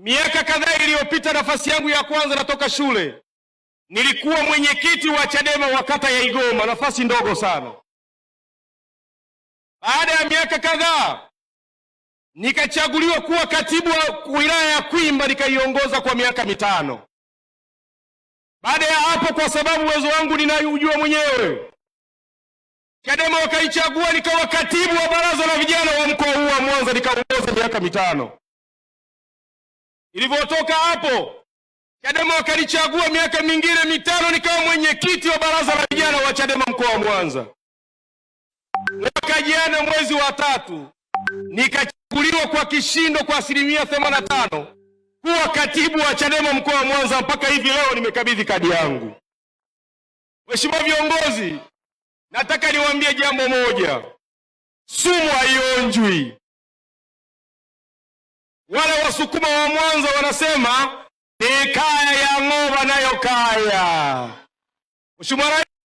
Miaka kadhaa iliyopita, nafasi yangu ya kwanza natoka shule, nilikuwa mwenyekiti wa Chadema wa kata ya Igoma, nafasi ndogo sana. Baada ya miaka kadhaa nikachaguliwa kuwa katibu wa wilaya ya Kwimba, nikaiongoza kwa miaka mitano. Baada ya hapo, kwa sababu uwezo wangu ninayojua mwenyewe, Chadema wakaichagua nikawa katibu wa baraza la vijana wa mkoa huu wa Mwanza, nikaongoza miaka mitano. Ilivyotoka hapo Chadema wakalichagua miaka mingine mitano, nikawa mwenyekiti wa baraza la vijana wa Chadema mkoa wa Mwanza. Mwaka jana mwezi wa tatu nikachaguliwa kwa kishindo kwa asilimia tano kuwa katibu wa Chadema mkoa wa Mwanza, mpaka hivi leo nimekabidhi kadi yangu. Mheshimiwa viongozi, nataka niwaambie jambo moja, sumu haionjwi. Wale wasukuma wa Mwanza wanasema ni kaya ya ng'oba nayo kaya. Mheshimiwa